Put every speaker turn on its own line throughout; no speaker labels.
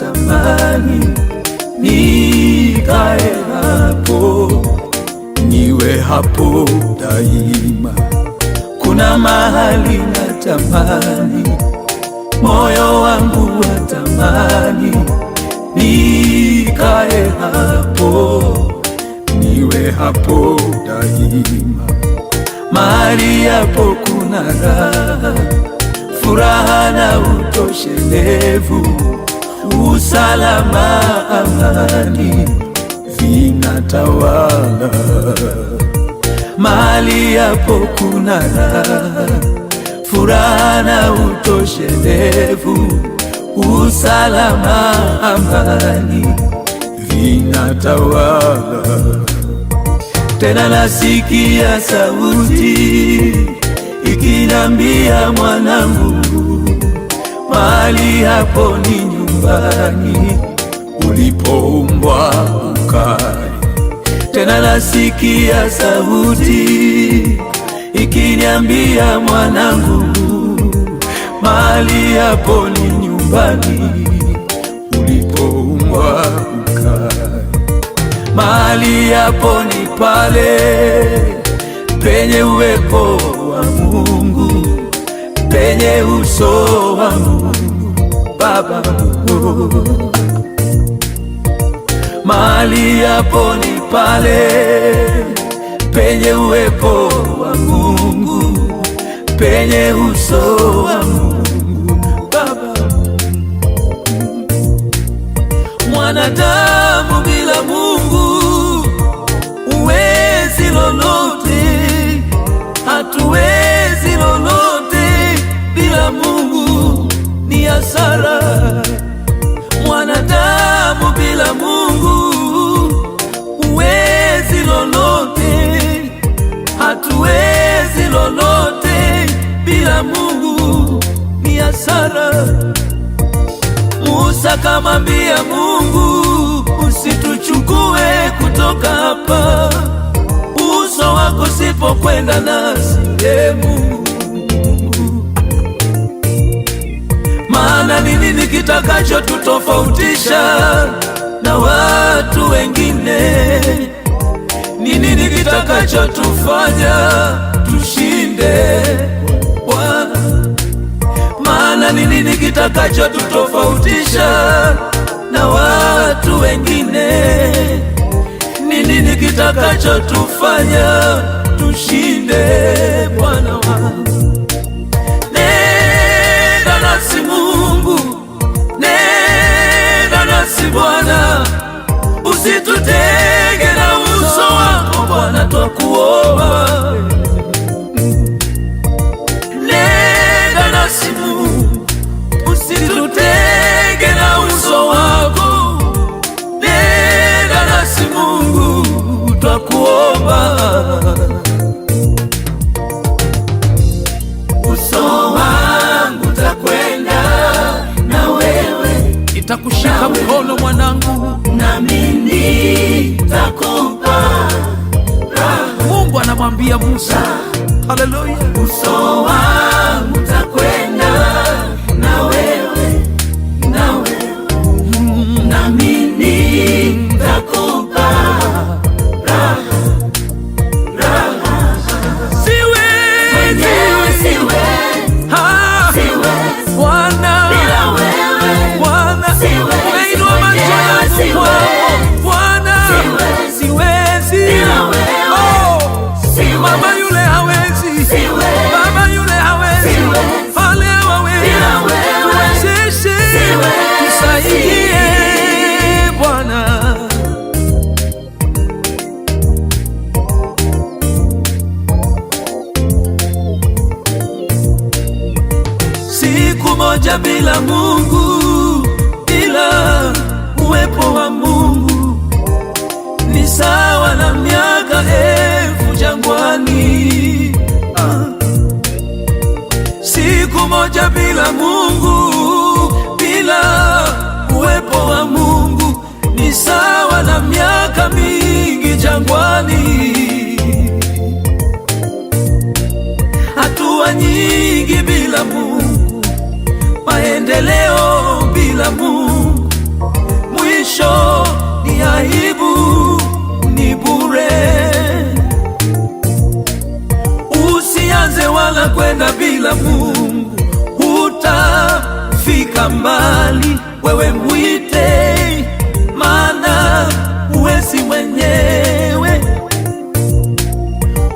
natamani nikae hapo, niwe hapo daima. Kuna mahali natamani, moyo wangu watamani nikae hapo, niwe hapo daima. Mahali hapo kuna raha, furaha na utoshelevu usalama, amani vinatawala mali yapo, kuna raha, furaha na utoshelevu. Usalama, amani vinatawala. Tena nasikia sauti ikinambia, mwanangu, mali hapo ni nyumbani ulipoumbwa ukali. Tena nasikia sauti ikiniambia, mwanangu, mahali hapo ni nyumbani ulipoumbwa ukali, mahali hapo ni pale penye uwepo wa Mungu penye uso wa Mungu Baba. Mali hapo ni pale penye uwepo wa Mungu, penye uso wa Mungu Baba mwanadamu nikamwambia Mungu, usituchukue kutoka hapa, uso wako sipokwenda nasi, e Mungu, maana nini nikitakacho tutofautisha na watu wengine? Nini nikitakacho tufanya nini kitakacho tutofautisha na watu wengine? Ni nini kitakacho tufanya tushinde? Bwana wangu, nenda nasi Mungu, nenda nasi Bwana, usitutee kuomba uso wangu takwenda na wewe, nitakushika mkono mwanangu, nami nitakupa raha. Mungu anamwambia Musa, haleluya, uso wangu siku moja bila Mungu, ila uwepo wa Mungu ni sawa na miaka elfu jangwani. Ah. siku moja bila Mungu, bila uwepo wa Mungu ni sawa na miaka mingi jangwani. Hatua nyingi bila Mungu maendeleo bila Mungu, mwisho ni aibu, ni bure. Usianze wala kwenda bila Mungu, hutafika mbali. Wewe mwite, maana uwezi mwenyewe.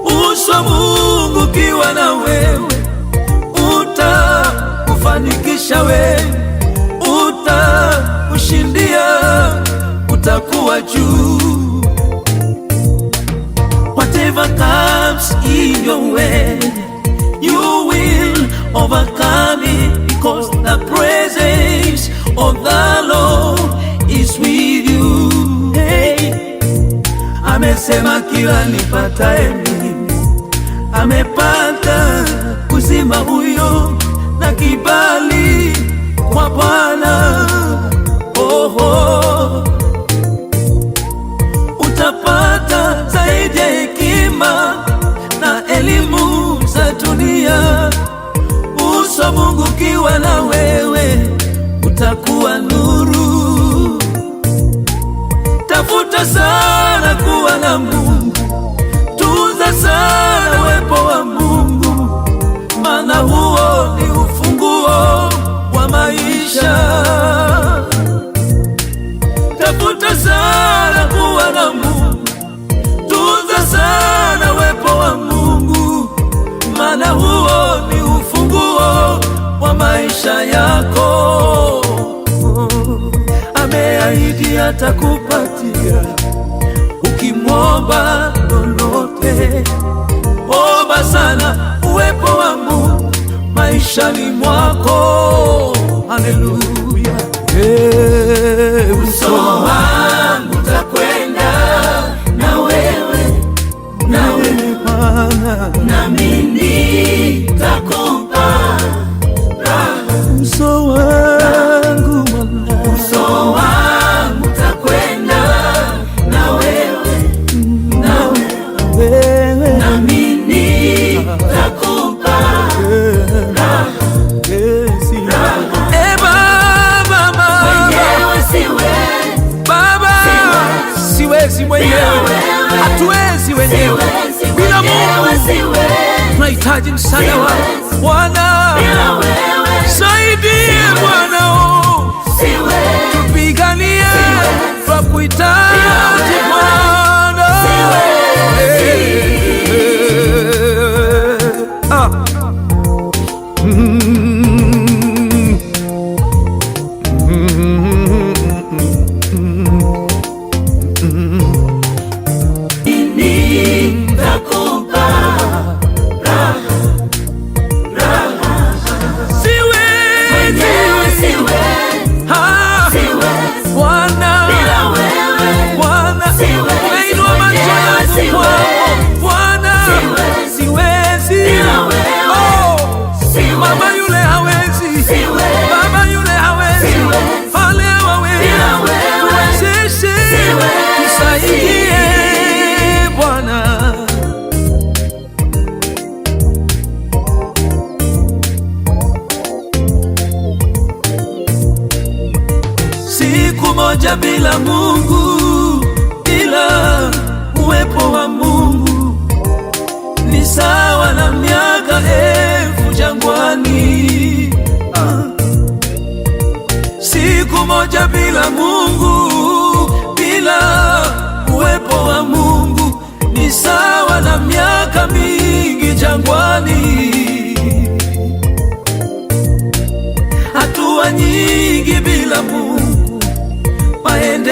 Uso Mungu kiwa na ushawe utakushindia, utakuwa juu. Whatever comes in your way, you will overcome it because the presence of the Lord is with you. Hey, amesema kila nipataye mimi amepata uzima huyo na kibali kwa Bwana. Fuata sana kuwa na Mungu, tunza sana uwepo wa Mungu, maana huo ni ufunguo wa maisha yako. Ameahidi atakupatia ukimwomba lolote. Omba sana uwepo wa Mungu maishani mwako. Haleluya, yeah. Bila Mungu tunahitaji msaada wa Bwana, saidie Bwana, tupiganie kuhitaji Bwana. moja bila Mungu, ila uwepo wa Mungu ni sawa na miaka elfu jangwani. Ah. Siku moja bila Mungu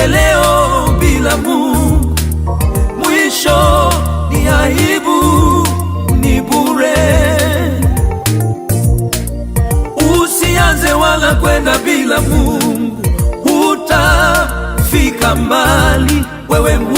leo bila Mungu, mwisho ni aibu, ni bure. Usianze wala kwenda bila Mungu, hutafika mbali wewe